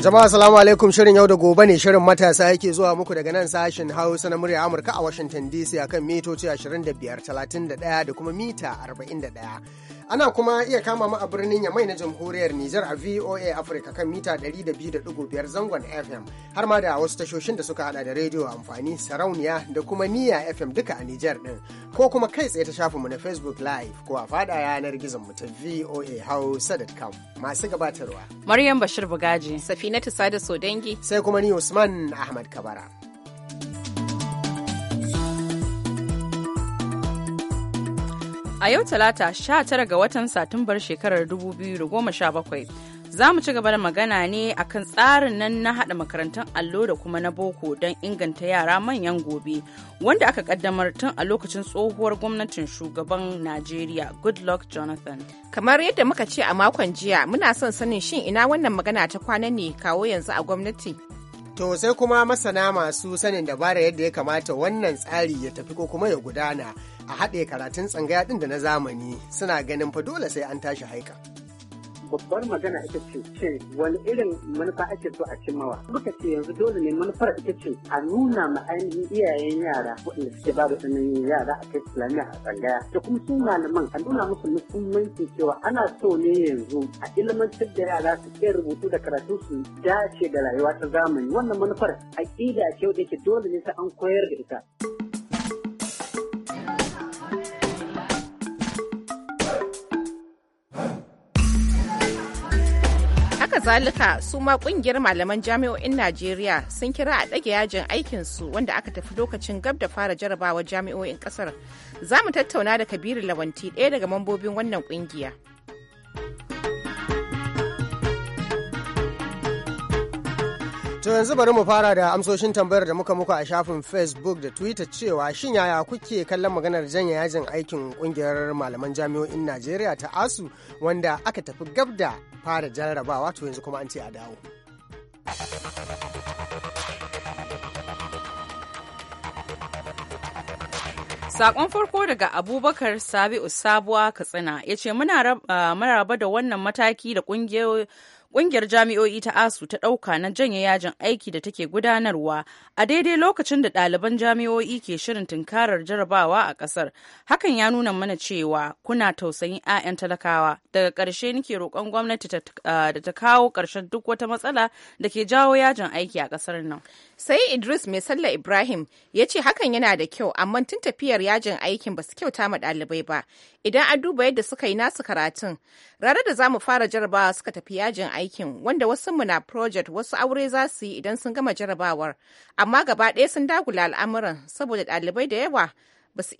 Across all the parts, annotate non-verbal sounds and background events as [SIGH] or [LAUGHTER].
Jama'a salamu alaikum shirin yau da gobe ne shirin matasa yake zuwa muku daga nan sashen Hausa na murya Amurka a Washington DC akan mitoci 25, 31 da kuma mita 41. Ana kuma iya kama mu a birnin Yamai na Jamhuriyar Nijar a VOA Africa kan mita 200.5 zangon FM har ma da wasu tashoshin da suka hada da rediyo amfani sarauniya da kuma niya FM duka a Nijar din ko kuma kai tsaye ta shafinmu na Facebook Live ko a fada yanar gizon mu ta VOA Hausa.com masu gabatarwa. Maryam Bashir Bugaji, Safinatu Sada Sodangi, sai kuma ni Usman Ahmad Kabara. A yau Talata 19 ga watan Satumbar shekarar 2017 za mu ci gaba da magana ne akan tsarin nan na haɗa makarantun allo da kuma na boko don inganta yara manyan gobe wanda aka ƙaddamar tun a lokacin tsohuwar gwamnatin shugaban Najeriya Goodluck Jonathan. Kamar yadda muka ce a makon jiya muna son sanin shin ina wannan magana ta kwana ne kawo yanzu a gwamnati. To sai kuma masana masu sanin dabara yadda ya kamata wannan tsari ya tafi ko kuma ya gudana a haɗe karatun tsangaya ɗin da na zamani suna ganin fa dole sai an tashi haika. babbar magana ita ce ce wani irin manufa ake so a cimmawa muka ce yanzu dole ne manufar ita ce a nuna ma ainihin iyayen yara waɗanda suke ba da tsananin yara a kai islamiyya a tsangaya da kuma su malaman a nuna musu muhimmanci cewa ana so ne yanzu a ilmantar da yara su iya rubutu da karatu su dace da rayuwa ta zamani wannan manufar aƙida ce wadda ke dole ne sai an koyar da ita. kazalika su ma kungiyar malaman jami'o'in najeriya sun kira a ɗage yajin aikin su wanda aka tafi lokacin gab da fara jarabawar jami'o'in ƙasar za mu tattauna da kabiru lawanti ɗaya daga mambobin wannan kungiya To yanzu bari mu fara da amsoshin tambayar da muka muku a shafin Facebook da Twitter cewa shin yaya kuke kallon maganar janya yajin aikin kungiyar malaman jami'o'in Najeriya ta ASU wanda aka tafi gab da fara jarrabawa to yanzu kuma an ce a dawo. Sakon farko daga Abubakar Sabi'u Sabuwa Katsina ya ce muna ah, raba da wannan mataki da kungiyoyi ƙungiyar jami'o'i ta asu ta ɗauka na janye yajin aiki da take gudanarwa a daidai lokacin da ɗaliban jami'o'i ke shirin tunkarar jarabawa a ƙasar hakan ya nuna mana cewa kuna tausayin 'ya'yan talakawa daga ƙarshe nake roƙon gwamnati ah, da ta kawo ƙarshen duk wata matsala da ke jawo yajin aiki a ƙasar nan sai idris mai sallah ibrahim ya ce hakan yana da kyau amma tun tafiyar yajin aikin ba su kyauta ma ɗalibai ba idan an duba yadda suka yi nasu karatun ranar da za mu fara jarabawa suka tafi yajin aikin wanda wasu mu na project wasu aure za su yi idan sun gama jarabawar amma gaba ɗaya sun dagula al'amuran saboda ɗalibai da yawa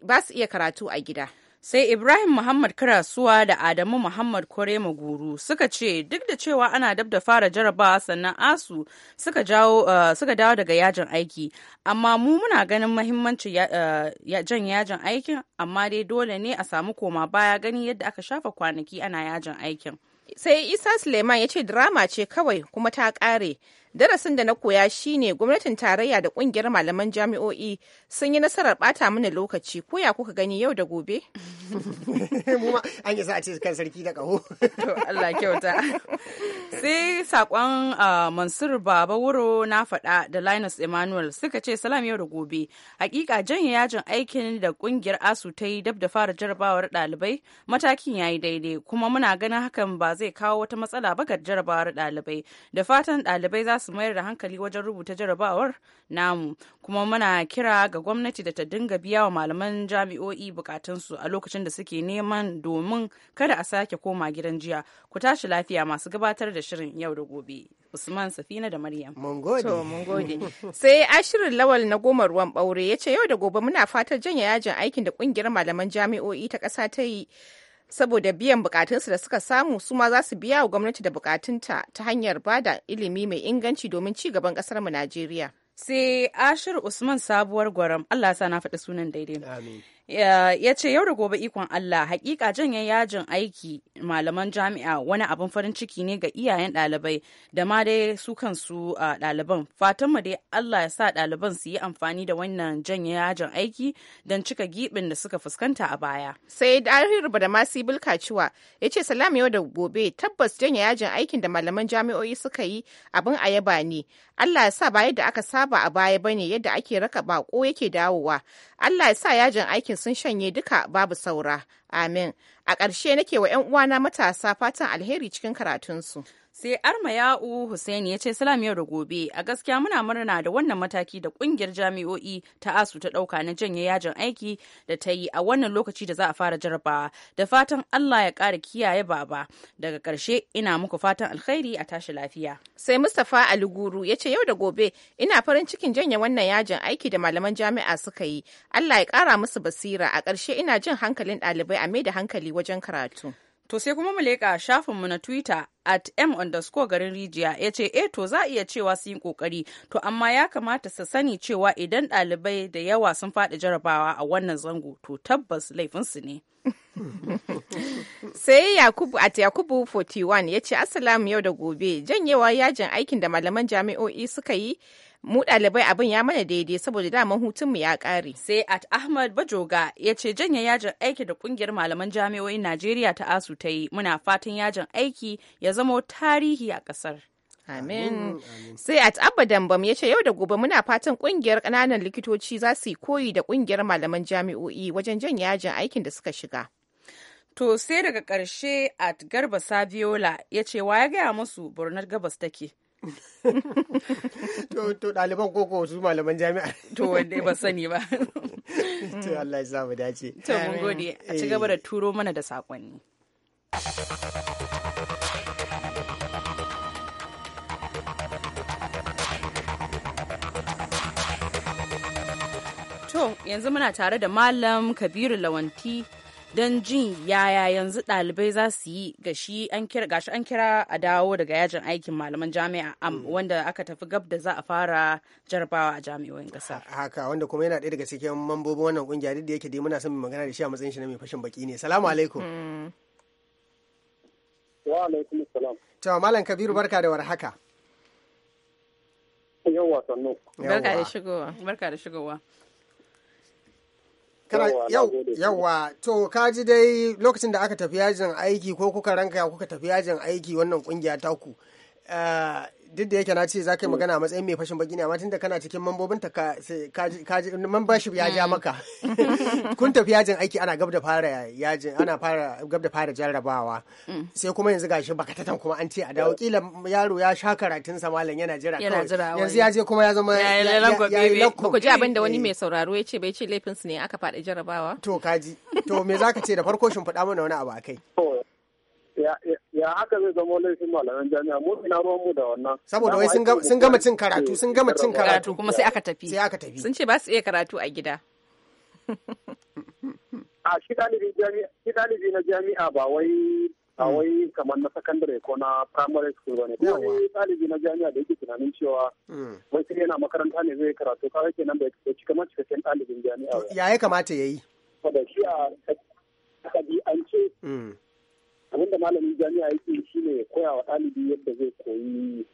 ba su iya karatu a gida sai ibrahim muhammad karasuwa da adamu muhammad kore maguru suka ce duk da cewa ana dab da fara jarabawa sannan asu suka jawo eh, suka dawo daga yajin aiki amma mu muna ganin mahimmancin uh, jan yajin aikin amma dai dole ne a samu koma baya gani yadda aka shafa kwanaki ana yajin aikin sai isa suleiman ya ce drama ce kawai kuma ta kare darasin da na koya shine gwamnatin tarayya da kungiyar malaman jami'o'i sun yi nasarar bata mana lokaci ko ya kuka gani yau da gobe [LAUGHS] an yi sa'a ce kan sarki da kaho [LAUGHS] to Allah kyauta sai sakon ah, Mansur Baba Wuro na faɗa da Linus Emmanuel suka ce salam yau da gobe hakika janye yajin aikin da kungiyar ASU ta yi dab da fara jarabawar ɗalibai matakin yayi daidai kuma muna ganin hakan ba zai kawo wata matsala ba ga jarabawar ɗalibai da fatan ɗalibai za su mayar da hankali wajen rubuta jarabawar namu kuma muna kira ga gwamnati da ta dinga biya wa malaman jami'o'i bukatunsu a lokacin da suke neman domin kada a sake koma gidan jiya ku tashi lafiya masu gabatar da shirin yau da gobe usman safina da maryam mun gode sai ashirin lawal na goma ruwan ɓaure ya ce yau da gobe muna fatar janye yajin aikin da kungiyar malaman jami'o'i ta ƙasa ta yi saboda biyan bukatunsu da suka samu su ma za su biya wa gwamnati da bukatunta ta hanyar ba da ilimi mai inganci domin ci gaban kasar mu Najeriya. Sai Ashir Usman sabuwar gwaram Allah sa na faɗi sunan daidai. Eh, ya ce yau da gobe ikon Allah hakika janye yajin aiki malaman jami'a wani abin farin ciki ne ga iyayen dalibai da ma dai su kansu daliban fatanmu dai Allah ya sa daliban su yi amfani da wannan janye yajin aiki don cika giɓin da suka fuskanta a baya. Sai Dahiru da ma sibil kaciwa ya ce salam yau da gobe tabbas janye yajin aikin da malaman jami'o'i suka yi abin a yaba ne. Allah ya sa ba yadda aka saba a baya bane yadda ake raka bako yake dawowa. Allah ya sa yajin aikin sun shanye duka babu saura. Amin. A ƙarshe nake wa 'yan uwana matasa fatan alheri cikin karatunsu. sai armayau hussein ya ce salam yau da gobe a gaskiya muna murna da wannan mataki da kungiyar jami'o'i ta asu ta dauka na janye yajin aiki da ta yi a wannan lokaci da za a fara jarabawa da fatan allah ya kara kiyaye baba daga karshe ina muku fatan alkhairi a tashi lafiya sai mustapha Aliguru ya ce yau da gobe ina farin cikin janye wannan yajin aiki da malaman jami'a suka yi allah ya kara musu basira a karshe ina jin hankalin ɗalibai a mai da hankali wajen karatu To sai kuma mu leƙa shafinmu na Twitter at m underscore garin rijiya ya ce e to za a iya cewa su yi kokari to amma ya kamata su sani cewa idan ɗalibai da yawa sun faɗi jarabawa a wannan zango to tabbas laifinsu ne. [LAUGHS] sai yakubu at yakubu 41 ya ce assalamu yau da gobe janyewa yajin aikin da malaman jami'o'i suka yi mu ɗalibai abin ya mana daidai saboda daman hutunmu ya ƙare. Sai at Ahmad Bajoga ya ce janye yajin aiki da ƙungiyar malaman jami'o'in Najeriya ta ASU ta yi muna fatan yajin aiki ya zamo tarihi a ƙasar. Amin. Sai at Abba Dambam ya ce yau da gobe muna fatan ƙungiyar ƙananan likitoci za su yi koyi da ƙungiyar malaman jami'o'i wajen janye yajin aikin da suka shiga. To sai daga ƙarshe at Garba Saviola ya ce wa ya gaya musu Bornar Gabas take. to to ɗaliban koko su malaman jami'a to wanda ba sani ba to Allah ya sa mu dace to mun gode a ci gaba da eh. turo mana da sakonni To yanzu muna tare da Malam Kabiru Lawanti don jin yaya yanzu ɗalibai za su yi ga shi an kira a dawo daga yajin aikin malaman jami'a am mm. wanda aka tafi gab da za a fara jarabawa a jami'o'in ƙasa. Haka wanda kuma yana ɗaya daga cikin mambobin wannan ƙungiya duk da yake dai muna son mu magana da shi a matsayin shi na mai fashin baki ne. Salamu mm. alaikum. Wa alaikum salam. to Malam Kabiru barka da warhaka. yawa sannu. Barka da shigowa. Barka da shigowa. yawa to ka ji dai lokacin da aka tafi yajin aiki ko kuka ranka kuka tafi yajin aiki wannan kungiya taku eh, duk da yake na ce za ka yi mm. magana a matsayin mai fashin baki ne amma tunda kana cikin mambobin ta ka ji membership ya ja mm. maka [LAUGHS] kun tafi yajin aiki ana gab da fara yajin ana fara gab da fara jarrabawa mm. sai kuma yanzu gashi baka tatan kuma an ce a dawo kila yaro ya sha karatun sa malam yana jira yanzu ya je kuma ya zama ya yi lakko ku ji abin da wani mai eh. sauraro ya ce bai ce laifin su ne aka faɗi jarrabawa to kaji to me zaka ce da farko shin faɗa mana wani abu akai ya haka zai zama laifin malaman jami'a mu ina ruwan mu da wannan saboda wai sun gama cin karatu sun gama cin karatu kuma sai aka tafi sai aka tafi sun ce ba su iya karatu a gida a shi dalibi jami'a shi dalibi na jami'a ba wai ba hmm. wai kamar na secondary ko na primary school ba ne kuma wani ɗalibi na jami'a da yake tunanin cewa hmm. wai sai yana makaranta ne zai karatu ka kawai kenan bai cika ma cikakken dalibin jami'a ya ya kamata yayi saboda shi a kabi an ce hmm. da malamin jami'a yake shine ya koya wa ɗalibi yadda zai koyi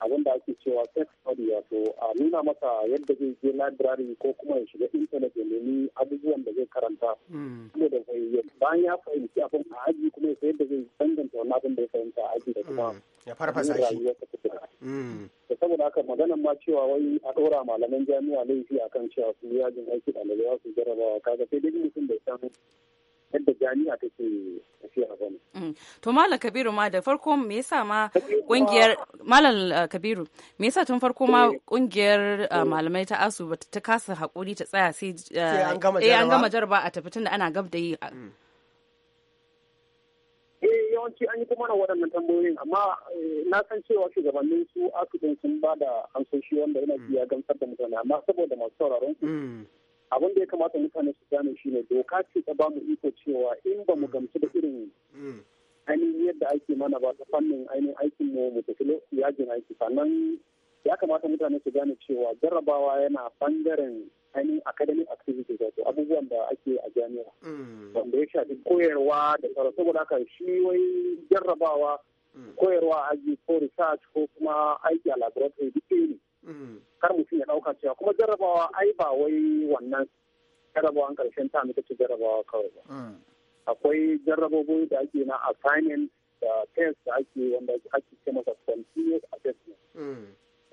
abin da ake cewa sex study wato a nuna masa yadda zai je library ko kuma ya shiga intanet ya nemi abubuwan da zai karanta kuma hmm. da zai bayan ya fahimci abin a aji kuma ya yadda zai danganta wani abin da ya fahimta a aji da kuma hmm. ya farfasa shi hmm. da saboda haka magana ma cewa wai a ɗora malaman jami'a laifi akan cewa su yajin aiki ɗalibai su jarabawa kaga sai dai mutum da san yadda jami'a take tafiya ba ne. Mm. To Malam Kabiru ma da farko me yasa ma kungiyar Malam uh, Kabiru me yasa tun farko ma eh. kungiyar uh, eh. malamai ta ASU ba ta kasa hakuri ta tsaya sai uh, an gama eh, jarba a tafi tunda ana gab da yi. Mm. Eh yawanci an yi kuma na waɗannan tambayoyin amma na san cewa shugabannin su ASU sun ba da amsoshi wanda yana ya gamsar da mutane amma saboda masu sauraron su abin da ya kamata mutane su gane shi ne doka ce ta bamu iko cewa in ba mu mm. gamsu da irin mm. ainihin yadda ake mana ba ta fannin ainihin aikin mu mu tafi yajin aiki sannan ya kamata mutane su gane cewa jarrabawa yana bangaren ainihin academic activities wato abubuwan da ake a jami'a mm. wanda ya shafi koyarwa da sauran saboda haka shi wai jarrabawa koyarwa aji ko research ko kuma aiki a laboratory duk ne kar mutum ya ɗauka cewa kuma jarrabawa ai ba wai wannan jarrabawan ƙarshen ta ita ce jarrabawa kawai ba mm. akwai jarrabobi da ake na assignment da test da ake wanda ake ce masa continuous assessment mm.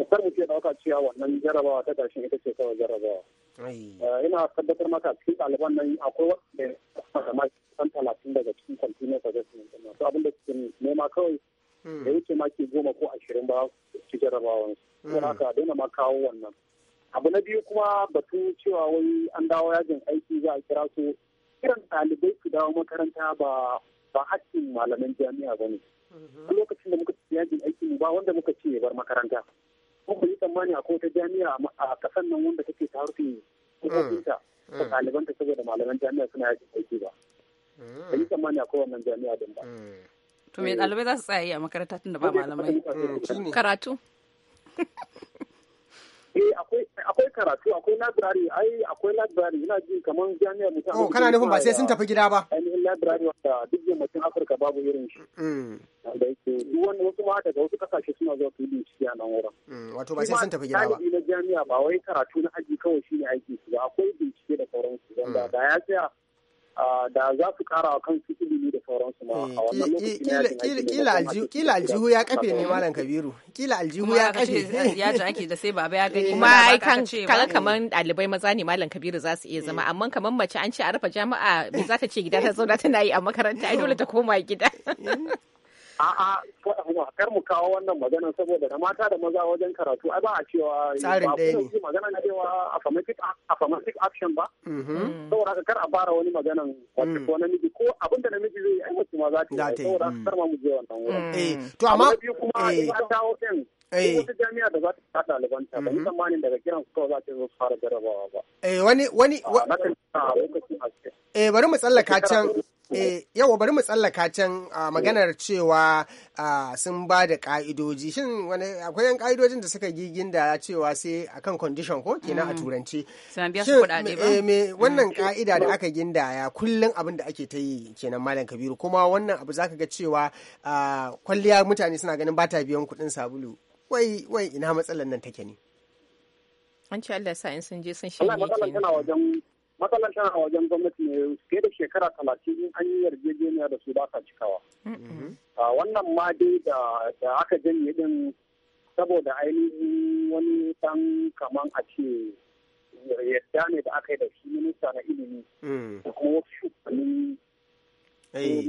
kar mutum ya ɗauka cewa wannan jarrabawa ta ƙarshen ita ce kawai jarrabawa eh, ina tabbatar maka cikin ɗaliban nan akwai wanda ya san talatin daga cikin continuous assessment to abin da suke nema kawai da yake maki goma ko ashirin ba su jarabawan su haka daina ma kawo wannan abu na biyu kuma batun cewa wai an dawo yajin aiki za a kira su kiran ɗalibai su dawo makaranta ba ba haƙƙin malaman jami'a ba ne a lokacin da muka ci yajin aiki mu ba wanda muka ce bar makaranta kuma yi tsammani a kota jami'a a kasan nan wanda take ta harfi kuɗaɗinta ta ɗalibanta saboda malaman jami'a suna yajin aiki ba ka yi tsammani a kowannan jami'a din ba to me ɗalibai za su tsaya yi a makaranta tun da ba malamai eh, karatu [LAUGHS] eh akwai karatu akwai library ai akwai library ina jin kamar jami'ar mutum oh kana nufin ba sai sun tafi gida ba ainihin library wanda duk yin mutum afirka babu irin shi mm. Wanda yake duk wani wasu ma daga wasu kasashe suna zuwa su yi bincike a nan wurin mm, wato ba sai sun tafi gida ba na jami'a ba wai karatu na aji kawai shi ne aiki su ba akwai bincike da sauransu wanda mm. da ya tsaya Ah, da za su kara wa kansu ilimi da sauransu ma a eh, wannan lokacin kila aljihu ya kafe ne malam kabiru kila aljihu ya kafe ya ji ake da sai baba ya gani eh. kuma ai kan kaga eh. kaman dalibai maza ne malam kabiru za su iya zama amma kaman mace an ce a rufe jami'a me za ta ce gida ta zauna tana yi a makaranta ai dole ta koma gida A'a, kar mu kawo wannan maganar saboda da mata da maza wajen karatu ai ba a cewa tsarin ɗaya ne. Magana na cewa affirmative action ba. Mhm. Mm-hmm. Saboda haka kar a fara wani maganan wato mm. ko namiji ko abin da namiji zai yi ai wasu ma za ta yi. Saboda kar ma mu je wannan wurin. Mm. Eh, to amma biyu kuma eh. in an dawo Eh. wata jami'a da za ta fara ɗalibanta ba mm-hmm. tsammanin daga kiran su kawai za ta zo su fara jarabawa ba. Eh, wani wani. Eh, bari mu tsallaka can. Eh, yau bari mu tsallaka can maganar cewa sun ba da ka'idoji shin wani akwai yan ka'idojin da suka gigin da cewa sai akan condition ko kenan a mm. turanci shin eh, mm. wannan ka'ida mm. da aka gindaya kullum abin da ake ta yi kenan malam kabiru kuma wannan abu zaka ga cewa kwalliya mutane suna ganin bata biyan kuɗin sabulu wai wai ina matsalar nan take ne an ce Allah sa in sun je sun shirye kenan matsalar tana wajen gwamnati ne fiye da shekara talatin an yi yarjejeniya da su ba ta cikawa wannan ma dai da aka janye din saboda ainihin wani dan kaman a ce yadda ne da aka yi da shi minista na ilimi mm. da kuma wasu shugabannin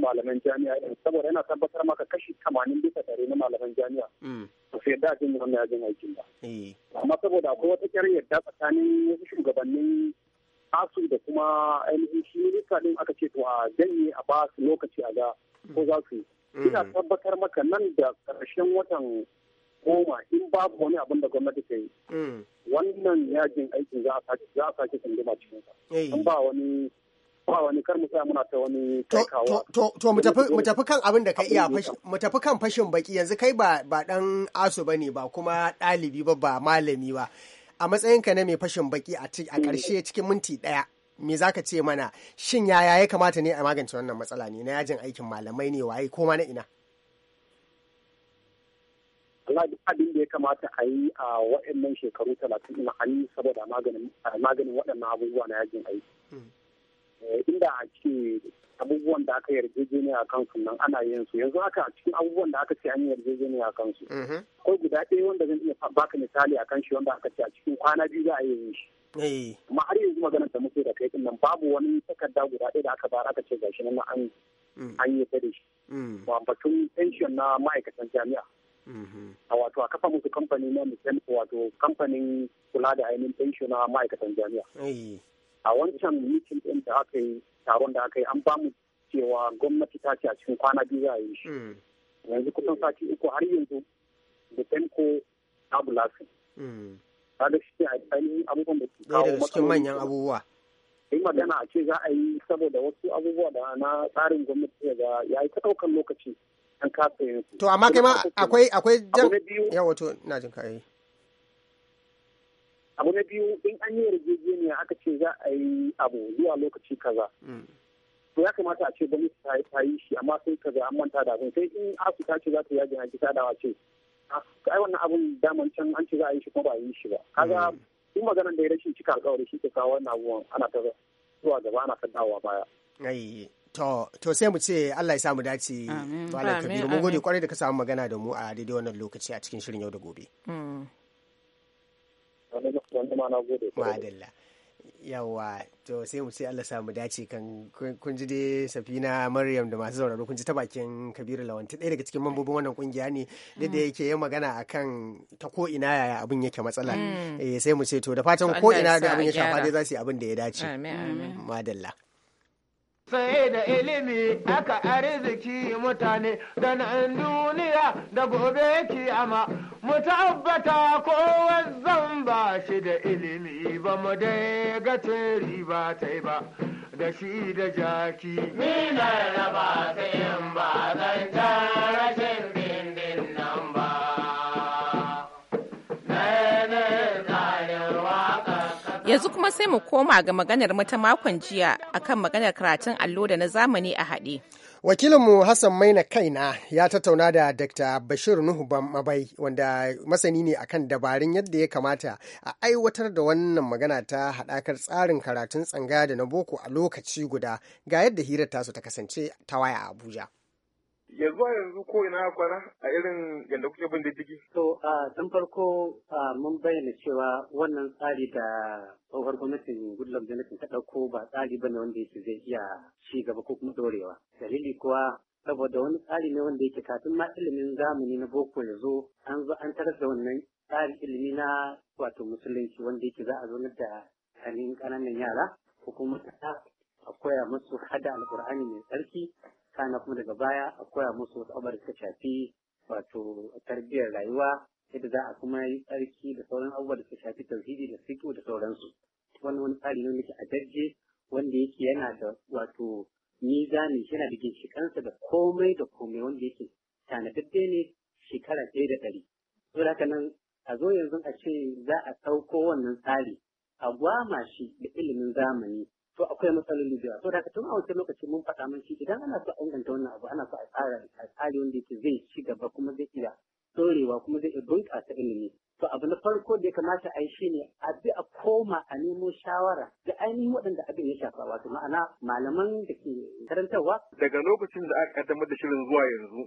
malaman jami'a din saboda yana tabbatar maka kashi tamanin bisa ɗari na malaman jami'a mm. ba su yarda jin wannan yajin aikin ba amma saboda akwai wata kyar yadda tsakanin wasu shugabannin asu da kuma ainihin shi minista din aka ce to a janye a ba su lokaci a ga ko za su yi mm. ina tabbatar maka nan da karshen watan goma in babu wani abin da gwamnati ta yi mm. wannan yajin aikin za a sake tsunduma cikin sa ba wani ba wani kar mu muna ta wani kaikawa to to mu tafi kan abin da ka iya mu tafi kan fashin baki yanzu kai ba ba dan asu bane ba kuma dalibi ba ba malami ba a matsayinka na mai fashin baki a ƙarshe cikin minti ɗaya me za ka ce mana shin yaya ya kamata ne a magance wannan matsala ne na yajin aikin malamai ne waye ko ma na ina Allah abin da ya kamata a yi a waɗannan shekaru talatin ina an yi saboda maganin waɗannan abubuwa na yajin aiki. Hmm. Eh, inda a ce abubuwan da aka yarjejeniya a kansu nan ana yin su yanzu haka cikin abubuwan da aka ce an yarjejeniya a kansu mhm. akwai guda ɗaya wanda zan iya baka misali a kan shi wanda aka ce a cikin kwana biyu za a yi shi eh. amma har yanzu maganar da muke da kai din nan babu wani takarda guda ɗaya da aka bara aka ce gashi nan an mm. an yi ta da shi mm. batun pension na ma'aikatan jami'a mm-hmm. a wato a kafa musu kamfani na misali wato kamfanin kula da ainihin pension na ma'aikatan jami'a eh. a wancan mitin ɗin da aka yi taron da aka yi an bamu cewa gwamnati ta ce a cikin kwana biyu za a yi shi hmm. yanzu kusan sati uku har yanzu da ko abu lafi da shi a ainihin abubuwan da su kawo cikin manyan abubuwa yi magana a ce za a yi saboda wasu abubuwa da na tsarin gwamnati da ya yi ta ɗaukan lokaci an kasa yanzu to amma kai ma akwai akwai jan yawa to na jin ka yi eh. abu na biyu in an yi yarjejeniya aka ce za a yi abu zuwa lokaci kaza hmm. to ya kamata a ce gwamnati ta yi ta yi shi amma sai kaza an manta da abin sai in asu ta ce za ta yaji haji ta dawa ce ah, ai wannan abun daman can an ce za a yi shi kuma ba a yi shi ba kaga in hmm. maganar da ya rashin cika alkawari shi ke kawo wannan abubuwan ana ta zuwa gaba ana ta dawowa baya To, to sai mu ce Allah ya samu dace Malam Kabiru. Mun gode kwarai da ka samu magana da mu a daidai wannan lokaci a cikin shirin yau da gobe. Hmm. wanda ma na gode yawa to sai mu ce Allah samu dace kan kun ji dai safina maryam da masu sauraro kun ji ta bakin kabiru lawanti ɗaya daga cikin mambobin wannan kungiya ne da da mm. yake yin magana akan ta ko ina yaya abin yake matsala mm. eh sai mu ce to da fatan ko ina da abin ya shafa dai za su yi abin da ya dace mm, madalla Sai da ilimi aka arziki mutane da nan duniya da gobe kiyama mu tabbata kowanne shi da ilimi ba mu dai ga riba ta ba da shi da jaki. Ni na raba ta yin ba zan shi kuma sai mu koma ga maganar mata makon jiya akan maganar karatun allo da na zamani a haɗe. Wakilinmu Hassan Maina Kaina ya tattauna da Dr. Bashir Nuhu Mabai wanda masani ne akan dabarun yadda ya kamata a aiwatar da wannan magana ta haɗakar tsarin karatun tsanga da na boko a lokaci guda ga yadda hirar tasu ta kasance ta waya a Abuja. ya zuwa yanzu ko ina kwana a irin yadda kuke bin diddigi? To, tun farko mun bayyana cewa wannan tsari da tsohuwar gwamnatin Goodluck Jonathan ta ɗauko ba tsari ba ne wanda yake zai iya ci gaba ko kuma ɗorewa. Dalili kuwa saboda wani tsari ne wanda yake kafin ma ilimin zamani na boko ya zo an zo an tarar da wannan tsarin ilimi na wato musulunci wanda yake za a zo da kanin ƙananan yara ko kuma a koya musu hada alƙur'ani mai tsarki sana kuma daga baya a koya musu wasu abubuwa da suka shafi wato tarbiyyar rayuwa yadda za a kuma yi tsarki da sauran abubuwa da suka shafi tauhidi da fiqh da sauransu wannan wani tsari ne a adajje wanda yake yana da wato mizani yana da ginshikansa da komai da komai wanda yake tanadadde ne shekara ɗaya da ɗari saboda haka nan a zo yanzu a ce za a sauko wannan tsari a gwama shi da ilimin zamani to akwai matsalar da yawa to da tun a wancan lokaci mun faɗa mun shi idan ana so a inganta wannan abu ana so a tsara a tsari wanda yake zai ci gaba kuma zai iya dorewa kuma zai iya bunƙasa ilimi to abu na farko da ya kamata a yi shi ne a bi a koma a nemo shawara da ainihin waɗanda abin ya shafa wato ma'ana malaman da ke karantarwa daga lokacin da aka kaddamar da shirin zuwa yanzu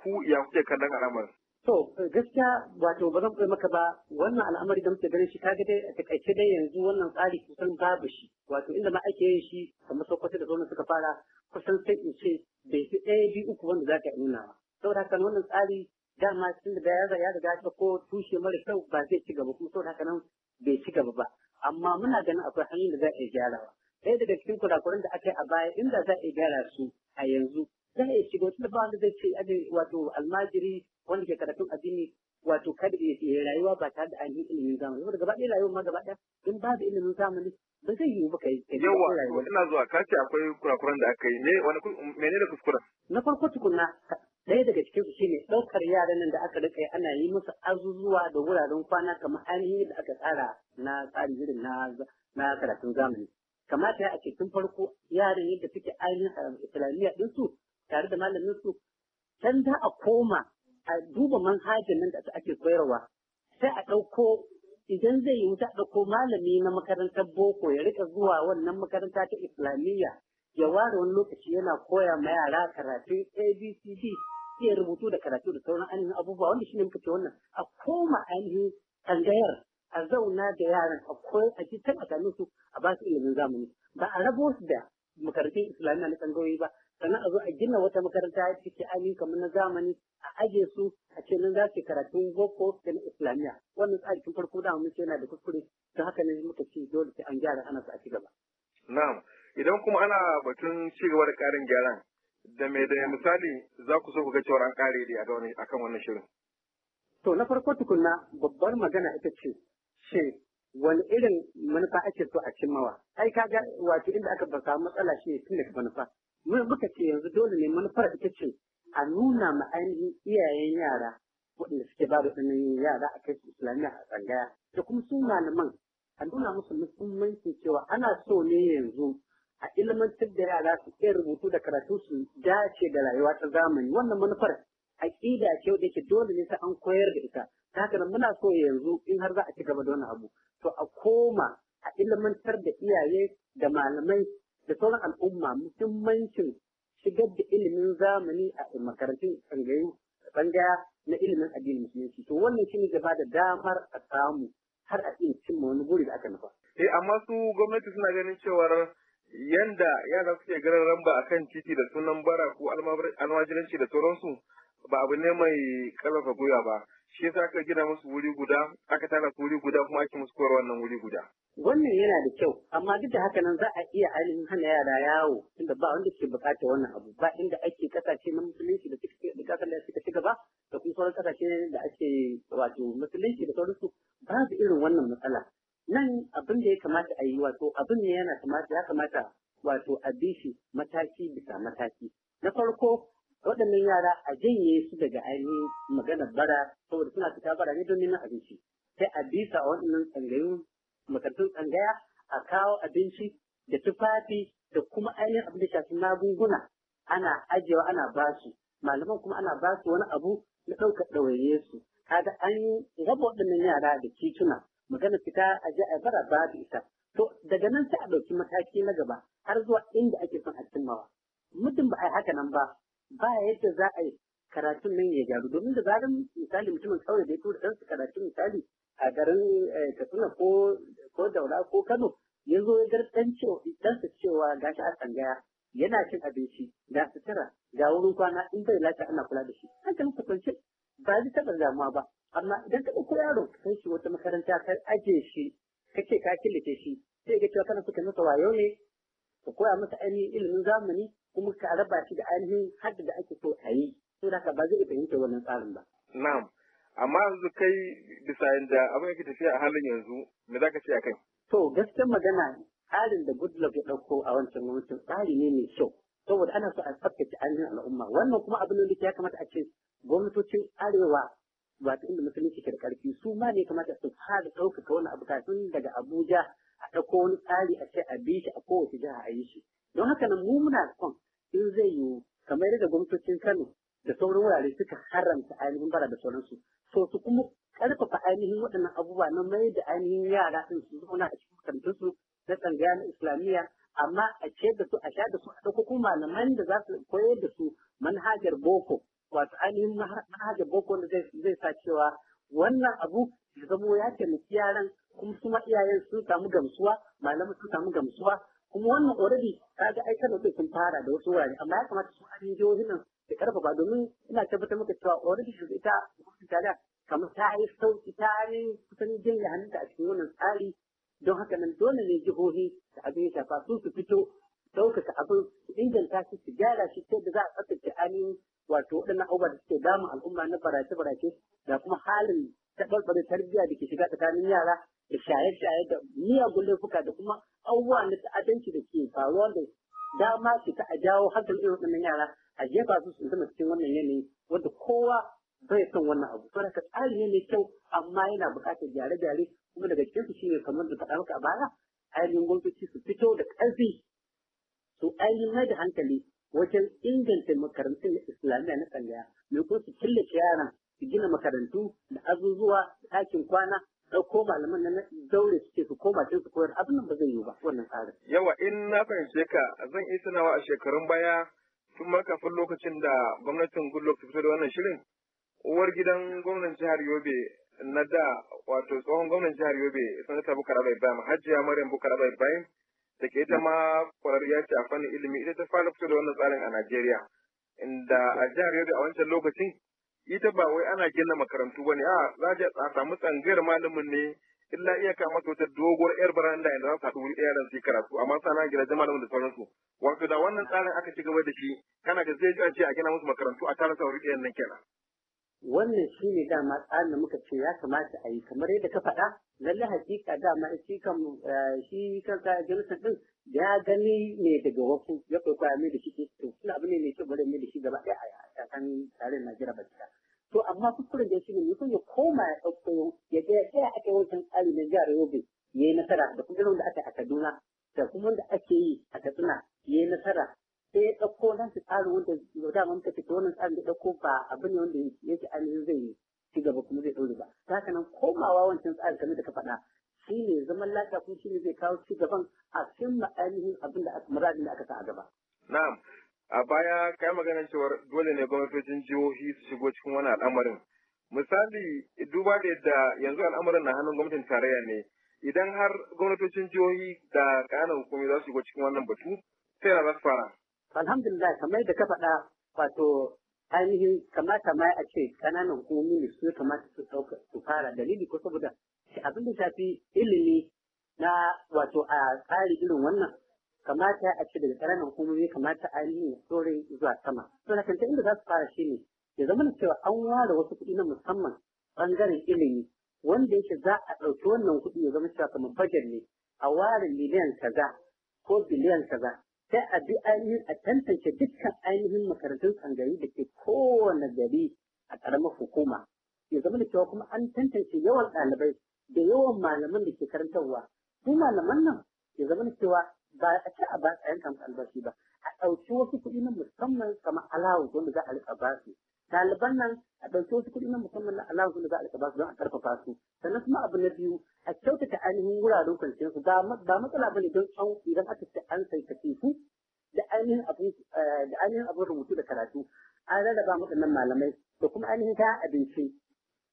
ku ya kuke kallon al'amarin To gaskiya wato ba zan koyi maka ba wannan al'amari da muke ganin shi kaga dai a takaice dai yanzu wannan tsari kusan babu shi wato inda ma ake yin shi kamar sokoto da sauran suka fara kusan sai in ce bai fi ɗaya biyu uku wanda za ka nuna ba saboda haka wannan tsari dama sun da ya riga ya ko tushe mara kyau ba zai ci gaba kuma saboda haka nan bai ci gaba ba amma muna ganin akwai hanyoyin da za a iya gyarawa ɗaya daga cikin kurakuran da aka yi a baya inda za a yi gyara su a yanzu za a iya shiga wata ba wanda zai ce wato almajiri wanda ke karatun addini wato kada ya rayuwa ba tare da ainihin ilimin zamani saboda gaba ɗaya rayuwar ma gaba ɗaya in babu ilimin zamani ba zai yiwu ba kai kai yawa ina zuwa ka ce akwai kurakuran da aka yi ne wani mene da kuskuren na farko tukunna ɗaya daga cikin su shine ɗaukar yaran nan da aka rika ana yi musu azuzuwa da wuraren kwana kamar ainihin da aka tsara na tsari irin na na karatun zamani kamata ya ake tun farko yaran yadda suke ainihin eh, islamiyya ɗinsu tare da malamin su can za a koma a duba manhajin nan da ake koyarwa sai a ɗauko idan zai yi wuta ɗauko malami na makarantar boko ya rika zuwa wannan makaranta ta islamiyya ya ware wani lokaci yana koya ma yara karatu abcd ya rubutu da karatu da sauran ainihin abubuwa wanda shine muka ce wannan a koma ainihin tangayar a zauna da yaran a koyi a ji tabbata su a ba su ilimin zamani ba a rabo su da makarantun islamiyya na tsangayoyi ba sannan a zo a gina wata makaranta ce ainihin kamar na zamani a aje su a ce nan za su karatun boko da na islamiyya wannan tsarin farko da mun yana da kuskure don haka ne muka ce dole sai an gyara ana su a cigaba. na'am idan kuma ana batun ci gaba da karin gyaran da me da misali za ku so ku ga cewa an ƙare dai a kan wannan shirin. to na farko tukunna babbar magana ita ce ce wani irin manufa ake so a cimmawa ai kaga wato inda aka ba samu matsala shi ne tun daga manufa Mun muka ce yanzu dole ne manufar ita ce a nuna ma ainihin iyayen yara waɗanda suke ba da tsananin yara a kai islamiyya a tsangaya da kuma su malaman a nuna musu muhimmancin cewa ana so ne yanzu a ilmantar da yara su iya rubutu da karatu su dace da rayuwa ta zamani wannan manufar aƙida ce da ke dole ne sai an koyar da ita ta haka muna so yanzu in har za a ci gaba da wani abu to a koma a ilmantar da iyaye da malamai da sauran al'umma muhimmancin shigar da ilimin zamani a makarantun tsangayu tsangaya na ilimin addinin musulunci to wannan shi ne gaba da damar a samu har a iya cimma wani guri da aka nufa. Eh amma su gwamnati suna ganin cewar yanda yara suke ganin ramba a kan titi da sunan bara ko almajiranci da sauransu ba abu ne mai ƙarfafa gwiwa ba. shi yasa aka gina musu wuri guda aka tara su wuri guda kuma ake musu koyar wannan wuri guda wannan yana da kyau amma duk da haka nan za a iya ainihin hana yara yawo tunda ba wanda ke bukatar wannan abu ba inda ake kasashe na musulunci da kasashen da da suka ci gaba da kuma sauran kasashe da ake wato musulunci da sauransu su irin wannan matsala nan abin da ya kamata a yi wato abin ne yana kamata ya kamata wato a bi shi mataki bisa mataki na farko waɗannan yara a janye su daga ainihin maganar bara saboda suna fita bara ne don neman abinci sai a bisa a waɗannan tsangayun makarantun tsangaya a kawo abinci da tufafi da kuma ainihin abin da shafi magunguna ana ajiyewa ana basu malaman kuma ana basu wani abu na ɗaukar ɗawaye su kaga an raba waɗannan yara da tituna magana fita a je a bara babu ita to daga nan sai a ɗauki mataki na gaba har zuwa inda ake son a cimmawa muddin ba a yi haka nan ba ba yadda za a yi karatun nan ya gyaru domin da zarar misali mutumin kauye da ya tura dansa karatun misali a garin eh, katsina ko ko daura ko kano ya zo ya gar ɗansa cewa gashi a tsangaya yana cin abinci ga sutura ga wurin kwana in bai lafiya ana kula da shi an ka kwance ba zai taɓa damuwa ba amma idan ka ɗauko yaro ka kai shi wata makaranta ka ajiye shi kake ka killace shi sai ga cewa kana suka masa wayo ne ka koya masa ainihin ilimin zamani kuma ka raba shi da ainihin hadda da ake so a yi so da ba zai fahimta wannan tsarin ba. Na'am. Amma yanzu kai bisa yadda abin yake tafiya a halin yanzu me za ka ce a kai? To gaskiyar magana tsarin da Goodluck ya ɗauko a wancan gwamnatin tsari ne mai kyau. Saboda ana so a tsaftace ainihin al'umma wannan kuma abin da ya kamata a ce gwamnatocin arewa wato inda musulunci ke da ƙarfi su ma ne kamata su fara ɗaukaka wani abu kafin daga Abuja a ɗauko wani tsari a ce a bi shi a kowace jiha a yi shi. Don haka nan mu muna son in zai yiwu kamar yadda gwamnatocin Kano da sauran wurare suka haramta ainihin bara da sauransu so su kuma karfafa ainihin waɗannan abubuwa na mai da ainihin yara ɗin su zauna a cikin na tsangaya na islamiyya amma a ce da su a sha da su a ɗauko kuma malaman da za su koyar da su manhajar boko wato ainihin manhajar boko wanda zai sa cewa wannan abu ya zamo ya taimaki yaran kuma su iyayen sun samu gamsuwa malaman sun samu gamsuwa kuma wannan already kaga ai kana din sun fara da wasu wurare amma ya kamata su an jihohin nan da karfafa domin ina tabbatar maka cewa already ita gwamnatin kamar ta yi sauki ta yi kusan jin hannunta a cikin wannan tsari don haka nan dole ne jihohi da abin ya shafa su su fito ɗaukaka abin su inganta shi su gyara shi ta da za a tsaftace ainihin wato waɗannan abubuwa da suke damun al'umma na barace-barace da kuma halin taɓarɓare tarbiyya da ke shiga tsakanin yara da shaye-shaye da miyagun laifuka da kuma abubuwa na ta'addanci da ke faruwa da dama ke ta a jawo hankali irin waɗannan yara a jefa su su zama cikin wannan yanayi wanda kowa bai son wannan abu saboda ka tsari ne mai kyau amma yana buƙatar gyare-gyare kuma daga cikin su shine kamar da faɗa maka a baya ainihin gwamnati su fito da ƙarfi su ainihin mai da hankali wajen inganta makarantun islamiyya na tsangaya mai kuma su killace yaran su gina makarantu da azuzuwa da ɗakin kwana ɗauko malaman na daure suke su koma can su koyar abin nan ba zai yiwu ba wannan tsarin. Yawa in na fahimce ka zan iya sanawa a shekarun baya tun ma kafin lokacin da gwamnatin Goodluck ta fito da wannan shirin uwar gidan gwamnan jihar Yobe na da wato tsohon gwamnan jihar Yobe sanata Bukar Abai Ibrahim Hajiya Maryam Bukar Abai Ibrahim da ke ita ma kwararriya ce a fannin ilimi ita ta fara fito da wannan tsarin a Najeriya inda a jihar Yobe a wancan lokacin ita ba wai ana gina makarantu ba ne a za a samu tsangayar malamin ne illa ka masa wata doguwar yar baranda inda za su haɗu wurin su karatu amma sana gina malamin da sauransu wato da wannan tsarin aka ci gaba da shi kana ga zai ce a gina musu makarantu a tare sauri wurin na nan kenan wannan shi ne dama tsarin da muka ce ya kamata a yi kamar yadda ka faɗa lallai hakika dama shi kan eh, shi kanka jinsa ɗin. ya gani ne daga wasu ya kwaikwaya mai da shi to suna abu ne mai kyau bari mai da shi gaba ɗaya a kan tare na ba ta to amma kuskuren da shi ne mutum ya koma ya ɗauko ya ga ya aka yi wancan tsari na jihar Yobe ya yi nasara da kuma da aka yi a Kaduna da kuma wanda ake yi a Katsina ya yi nasara sai ya ɗauko nan su tsari wanda da mun ka fita wannan tsarin da ɗauko ba abu ne wanda yake ainihin zai ci gaba kuma zai ɗore ba ta haka nan komawa wancan tsarin kamar da ka faɗa shi ne zaman lafiya kuma shi ne zai kawo ci gaban a cikin ma'anihin abin da muradi da aka sa a gaba. Na'am. A baya kai magana cewar dole ne gwamnatocin jihohi su shigo cikin wani al'amarin. Misali duba da yadda yanzu al'amarin na hannun gwamnatin tarayya ne idan har gwamnatocin jihohi da ƙananan hukumi za su shigo cikin wannan batu sai na za su fara. Alhamdulillah kamar da ka faɗa wato ainihin kamata ma a ce ƙananan hukumomi ne su kamata su su fara dalili ko saboda abin da shafi ilimi na wato a tsari irin wannan kamata a ce daga karamin hukumomi kamata a yi tsore zuwa sama. To na kanta inda za su fara shi ne ya zama da cewa an ware wasu kuɗi na musamman ɓangaren ilimi wanda yake za a ɗauki wannan kuɗi ya zama cewa kamar bajar ne a ware miliyan kaza ko biliyan kaza sai a bi ainihin a tantance dukkan ainihin makarantun tsangari da ke kowane gari a ƙaramar hukuma. Ya zama da cewa kuma an tantance yawan ɗalibai da yawan malaman da ke karantarwa su malaman nan ya zama cewa ba a ci a ba a yanka albashi ba a ɗauki wasu kuɗi na musamman kamar alawus wanda za a riƙa ba su ɗaliban nan a ɗauki wasu kuɗi na musamman na alawus wanda za a riƙa ba su don a ƙarfafa su sannan kuma abu na biyu a kyautata ainihin wuraren kwanciyar su ba matsala ba ne don an idan aka ce an sai katifu da ainihin abin eh, da ainihin abin rubutu da karatu an rarraba waɗannan malamai da kuma ainihin kayan abinci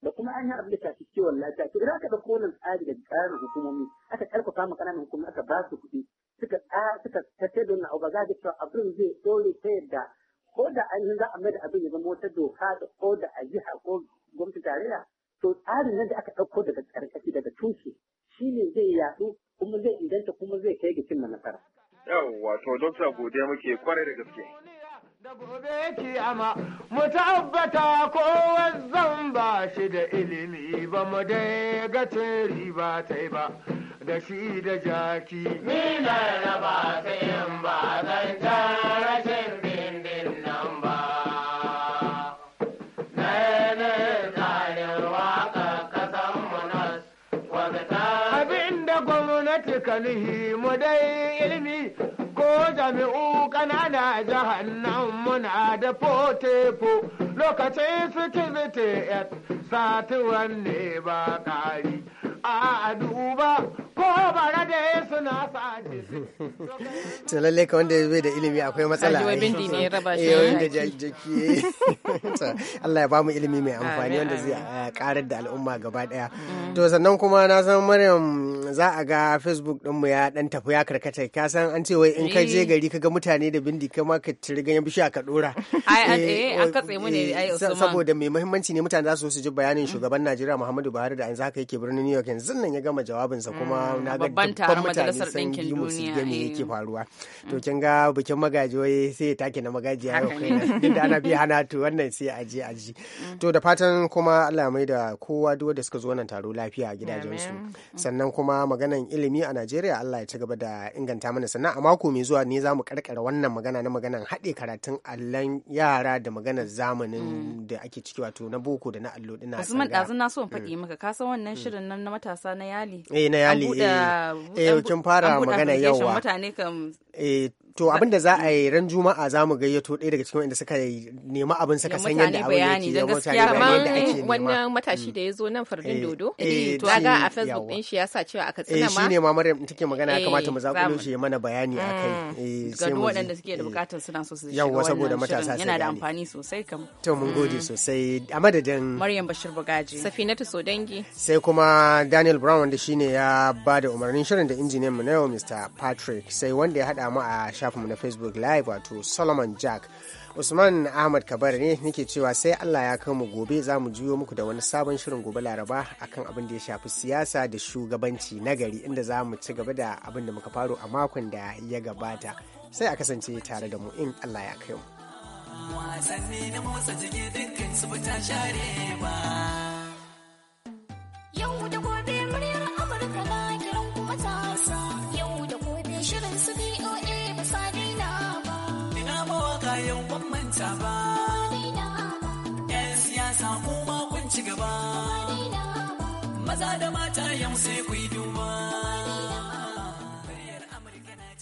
da kuma an yi abin da shafi kiwon lafiya to idan aka da kowane tsari da tsarin hukumomi aka ƙarfafa ma ƙananan hukumomi aka ba su kuɗi suka suka tace da wannan abu za ga cewa abin zai dole ta yadda ko da an yi za a mai da abin ya zama wata doka da ko da a jiha ko gwamnati tarayya to tsarin nan da aka ɗauko daga ƙarƙashi daga tushe shi ne zai yaɗu kuma zai inganta kuma zai kai ga cin nasara. Yawwa to dokta godiya muke kwarai da gaske. da gobe kiyama mu tabbata kowan zan ba shi da ilimi ba mu dai ga riba ta ba da shi da jaki ni na raba ta yin ba zan rashin bindin nan ba Abin da gwamnati ka nuhi mu dai ilimi jami'u kanana jahannan muna da fotefo lokacin sikiriti sati wanne ba kari a duba to ka wanda bai da ilimi akwai matsala a yi ne raba shi eh, wanda jaki [LAUGHS] Allah ya bamu ilimi mai amfani wanda zai eh, karar da al'umma gaba daya mm. to sannan kuma na san Maryam za a ga Facebook din mu ya dan tafi ya karkata ka san an ce wai in ka je gari ka ga mutane da bindi kai ma ka tiri ganyen bishiya ka dora eh, an katse ne saboda mai muhimmanci ne mutane za su ji bayanin shugaban Najeriya Muhammadu Buhari da an zaka yake birnin New York yanzu nan ya gama jawabinsa kuma mm. tattauna da babban majalisar ɗinkin duniya game yake faruwa mm. to kin ga bikin magajiyoyi sai ya take na magajiya yau kai [LAUGHS] da ana bi hana to wannan sai a je a ji mm. to da fatan kuma Allah mai da kowa duk da suka zo wannan taro lafiya a gidajensu mm. sannan kuma maganan ilimi a Najeriya Allah ya ci gaba da inganta mana sannan a mako mai zuwa ne zamu karkara wannan magana na maganan haɗe karatun allon yara da maganar zamanin da ake ciki wato na boko da na allo dina Usman ɗazu na so in faɗi maka ka san wannan shirin nan na matasa na yali eh na yali Eh, da eh, kin fara magana yawa mutane kam eh to abin da za a mm. yi ran juma'a za mu gayyato ɗaya daga cikin wanda suka nema abin suka sanya da abin yake da gaskiya amma wannan matashi mm. da ya zo nan fardin eh, dodo eh, eh, to ga a facebook din shi ya sa cewa aka tsina ma eh shine ma Maryam take magana ya kamata mu zakulo shi ya mana bayani akai mm. eh sai mu waɗanda suke da bukatar suna so su shiga wannan saboda matasa yana da amfani sosai kam to mun gode sosai a madadin Maryam Bashir Bugaji Safinatu Sodangi sai kuma Daniel Brown wanda shine ya ba da umarnin shirin da injiniyan mu na yau Mr Patrick sai wanda ya hada mu a shafinmu na facebook live wato solomon jack usman ahmad kabar ne nake cewa sai allah ya kai mu gobe za mu juyo muku da wani sabon shirin gobe laraba akan abin da ya shafi siyasa da shugabanci na gari inda za mu ci gaba da abin da muka faro a makon da ya gabata sai a kasance tare da mu in allah ya kai mu yau da gobe da mata yau sai ku